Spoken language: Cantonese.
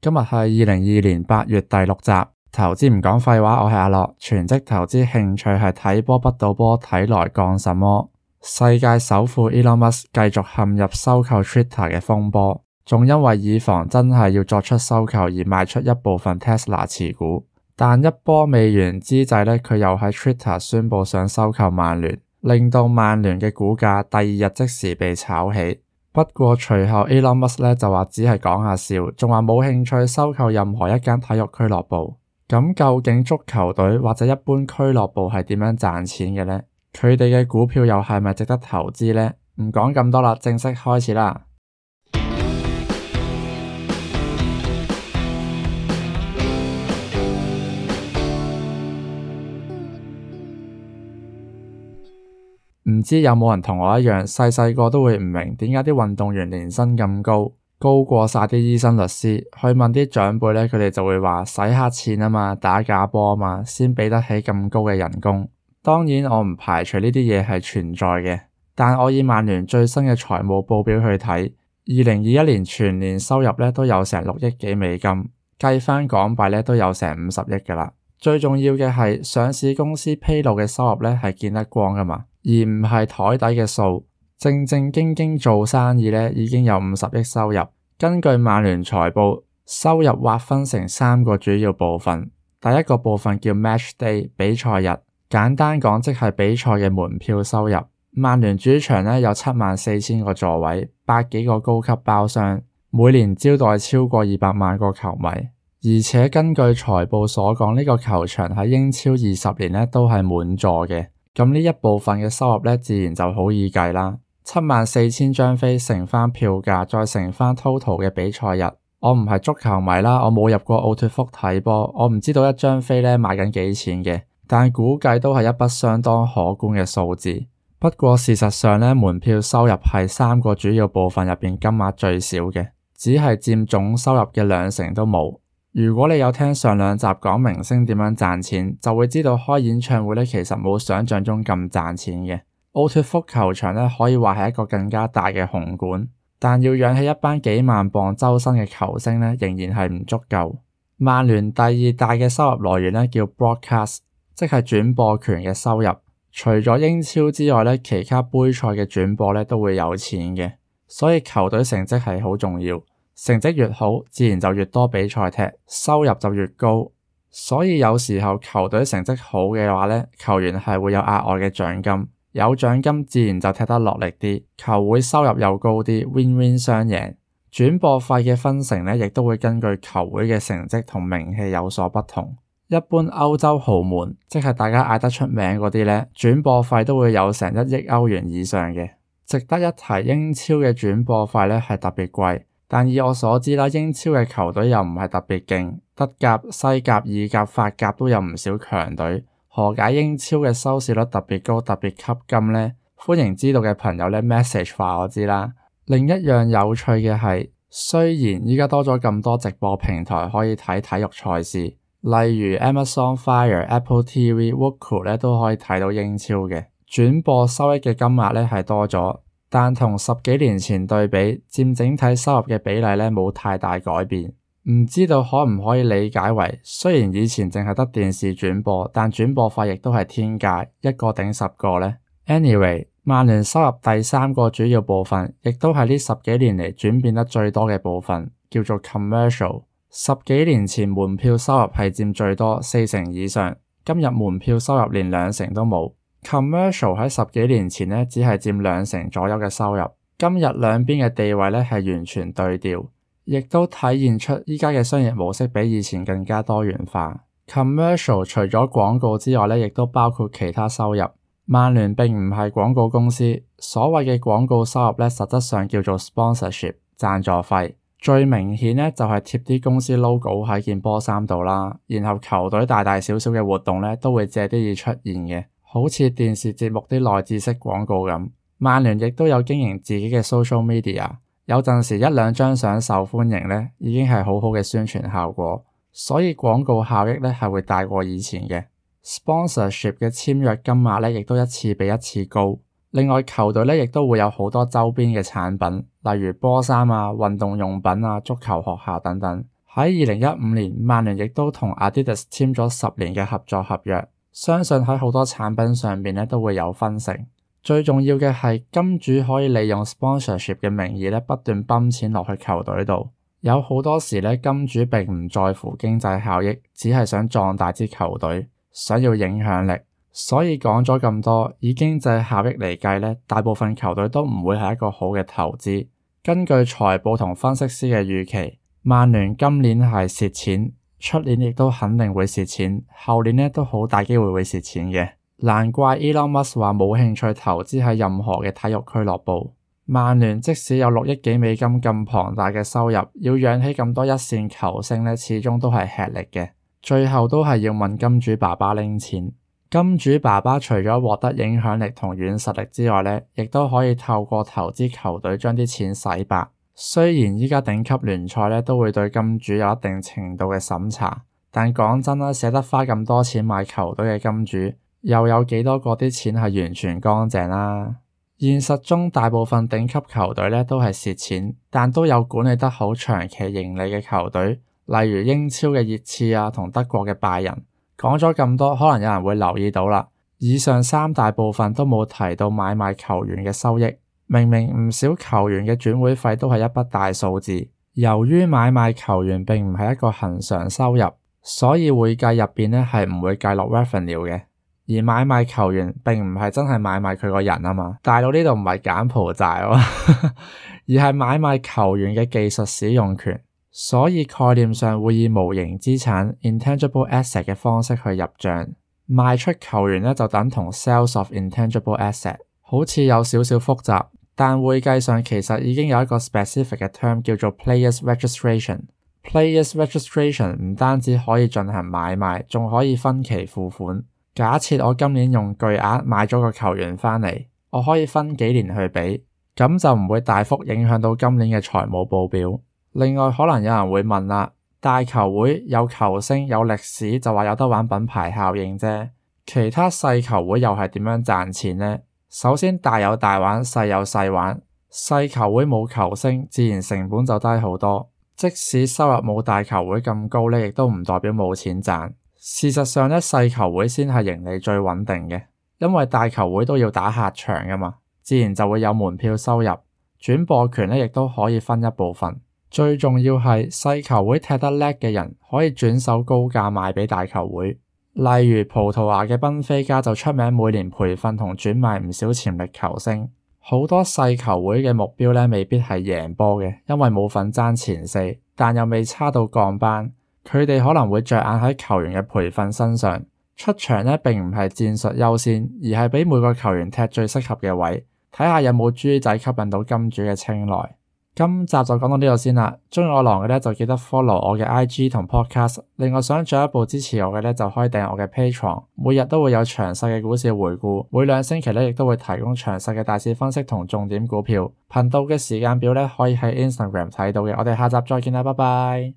今日係二零二二年八月第六集，投資唔講廢話，我係阿樂，全職投資興趣係睇波不賭波，睇來幹什麼？世界首富 Elon Musk 繼續陷入收購 Twitter 嘅風波，仲因為以防真係要作出收購而賣出一部分 Tesla 持股，但一波未完之際呢，佢又喺 Twitter 宣佈想收購曼聯，令到曼聯嘅股價第二日即時被炒起。不過隨後 Elon Musk 呢就話只係講下笑，仲話冇興趣收購任何一間體育俱樂部。咁究竟足球隊或者一般俱樂部係點樣賺錢嘅呢？佢哋嘅股票又係咪值得投資呢？唔講咁多啦，正式開始啦。唔知有冇人同我一樣，細細個都會唔明點解啲運動員年薪咁高，高過晒啲醫生、律師。去問啲長輩咧，佢哋就會話洗黑錢啊嘛，打假波啊嘛，先畀得起咁高嘅人工。當然，我唔排除呢啲嘢係存在嘅，但我以曼聯最新嘅財務報表去睇，二零二一年全年收入咧都有成六億幾美金，計返港幣咧都有成五十億㗎喇。最重要嘅係上市公司披露嘅收入咧係見得光㗎嘛。而唔係台底嘅數，正正經經做生意呢已經有五十億收入。根據曼聯財報，收入劃分成三個主要部分。第一個部分叫 Match Day 比賽日，簡單講即係比賽嘅門票收入。曼聯主場呢有七萬四千個座位，百幾個高級包廂，每年招待超過二百萬個球迷。而且根據財報所講，呢個球場喺英超二十年呢都係滿座嘅。咁呢一部分嘅收入咧，自然就好易計啦。七萬四千張飛乘返票價，再乘返 total 嘅比賽日。我唔係足球迷啦，我冇入過奧脫福睇波，我唔知道一張飛咧賣緊幾錢嘅，但估計都係一筆相當可觀嘅數字。不過事實上咧，門票收入係三個主要部分入邊金額最少嘅，只係佔總收入嘅兩成都冇。如果你有聽上兩集講明星點樣賺錢，就會知道開演唱會咧其實冇想象中咁賺錢嘅。奧脫福球場咧可以話係一個更加大嘅紅館，但要養起一班幾萬磅周薪嘅球星咧，仍然係唔足夠。曼聯第二大嘅收入來源呢叫 broadcast，即係轉播權嘅收入。除咗英超之外呢，其他杯賽嘅轉播咧都會有錢嘅，所以球隊成績係好重要。成績越好，自然就越多比賽踢，收入就越高。所以有時候球隊成績好嘅話呢，球員係會有額外嘅獎金。有獎金自然就踢得落力啲，球會收入又高啲，win win 相贏。轉播費嘅分成呢，亦都會根據球會嘅成績同名氣有所不同。一般歐洲豪門，即係大家嗌得出名嗰啲呢，轉播費都會有成一億歐元以上嘅。值得一提，英超嘅轉播費呢，係特別貴。但以我所知啦，英超嘅球隊又唔係特別勁，德甲、西甲、意甲、法甲都有唔少強隊，何解英超嘅收視率特別高、特別吸金呢？歡迎知道嘅朋友咧 message 話我知啦。另一樣有趣嘅係，雖然而家多咗咁多直播平台可以睇體育賽事，例如 Amazon Fire、Apple TV、Wooood 都可以睇到英超嘅轉播，收益嘅金額咧係多咗。但同十幾年前對比，佔整體收入嘅比例呢冇太大改變，唔知道可唔可以理解為，雖然以前淨係得電視轉播，但轉播費亦都係天價，一個頂十個呢。Anyway，曼聯收入第三個主要部分，亦都係呢十幾年嚟轉變得最多嘅部分，叫做 commercial。十幾年前門票收入係佔最多四成以上，今日門票收入連兩成都冇。Commercial 喺十幾年前呢，只係佔兩成左右嘅收入。今日兩邊嘅地位呢係完全對調，亦都體現出而家嘅商業模式比以前更加多元化。Commercial 除咗廣告之外呢，亦都包括其他收入。曼聯並唔係廣告公司，所謂嘅廣告收入呢，實質上叫做 sponsorship 贊助費。最明顯呢就係、是、貼啲公司 logo 喺件波衫度啦，然後球隊大大小小嘅活動呢都會借啲嘢出現嘅。好似電視節目啲內置式廣告咁，曼聯亦都有經營自己嘅 social media。有陣時一兩張相受歡迎呢，已經係好好嘅宣傳效果。所以廣告效益呢係會大過以前嘅 sponsorship 嘅簽約金額呢，亦都一次比一次高。另外球隊呢亦都會有好多周邊嘅產品，例如波衫啊、運動用品啊、足球學校等等。喺二零一五年，曼聯亦都同 Adidas 簽咗十年嘅合作合約。相信喺好多產品上面都會有分成，最重要嘅係金主可以利用 sponsorship 嘅名義不斷抌錢落去球隊度。有好多時咧，金主並唔在乎經濟效益，只係想壯大支球隊，想要影響力。所以講咗咁多，以經濟效益嚟計，大部分球隊都唔會係一個好嘅投資。根據財報同分析師嘅預期，曼聯今年係蝕錢。出年亦都肯定會蝕錢，後年咧都好大機會會蝕錢嘅。難怪 Elon Musk 話冇興趣投資喺任何嘅體育俱樂部。曼聯即使有六億幾美金咁龐大嘅收入，要養起咁多一線球星咧，始終都係吃力嘅。最後都係要問金主爸爸拎錢。金主爸爸除咗獲得影響力同軟實力之外咧，亦都可以透過投資球隊將啲錢洗白。雖然而家頂級聯賽咧都會對金主有一定程度嘅審查，但講真啦，捨得花咁多錢買球隊嘅金主，又有幾多個啲錢係完全乾淨啦？現實中大部分頂級球隊咧都係蝕錢，但都有管理得好長期盈利嘅球隊，例如英超嘅熱刺啊同德國嘅拜仁。講咗咁多，可能有人會留意到啦，以上三大部分都冇提到買賣球員嘅收益。明明唔少球員嘅轉會費都係一筆大數字，由於買賣球員並唔係一個恒常收入，所以會計入面呢係唔會計落 revenue 嘅。而買賣球員並唔係真係買賣佢個人啊嘛，大佬呢度唔係柬埔寨喎。哦， 而係買賣球員嘅技術使用權，所以概念上會以無形資產 intangible asset 嘅方式去入賬，賣出球員呢，就等同 sales of intangible asset，好似有少少複雜。但會計上其實已經有一個 specific 嘅 term 叫做 players registration。players registration 不單止可以進行買賣，仲可以分期付款。假設我今年用巨額買咗個球員返嚟，我可以分幾年去俾，咁就唔會大幅影響到今年嘅財務報表。另外，可能有人會問啦，大球會有球星有歷史，就話有得玩品牌效應啫。其他細球會又係點樣賺錢呢？首先大有大玩，細有細玩。細球會冇球星，自然成本就低好多。即使收入冇大球會咁高呢，亦都唔代表冇錢賺。事實上呢，細球會先係盈利最穩定嘅，因為大球會都要打客場噶嘛，自然就會有門票收入、轉播權呢，亦都可以分一部分。最重要係細球會踢得叻嘅人，可以轉手高價賣畀大球會。例如葡萄牙嘅賓菲加就出名，每年培訓同轉賣唔少潛力球星。好多細球會嘅目標咧，未必係贏波嘅，因為冇份爭前四，但又未差到降班，佢哋可能會着眼喺球員嘅培訓身上。出場咧，並唔係戰術優先，而係畀每個球員踢最適合嘅位，睇下有冇豬仔吸引到金主嘅青睞。今集就講到呢度先啦，鍾意我郎嘅呢，就記得 follow 我嘅 IG 同 podcast，另外想進一步支持我嘅呢，就可以訂閱我嘅 Patreon，每日都會有詳細嘅股市回顧，每兩星期呢，亦都會提供詳細嘅大市分析同重點股票，頻道嘅時間表呢，可以喺 Instagram 睇到嘅，我哋下集再見啦，拜拜。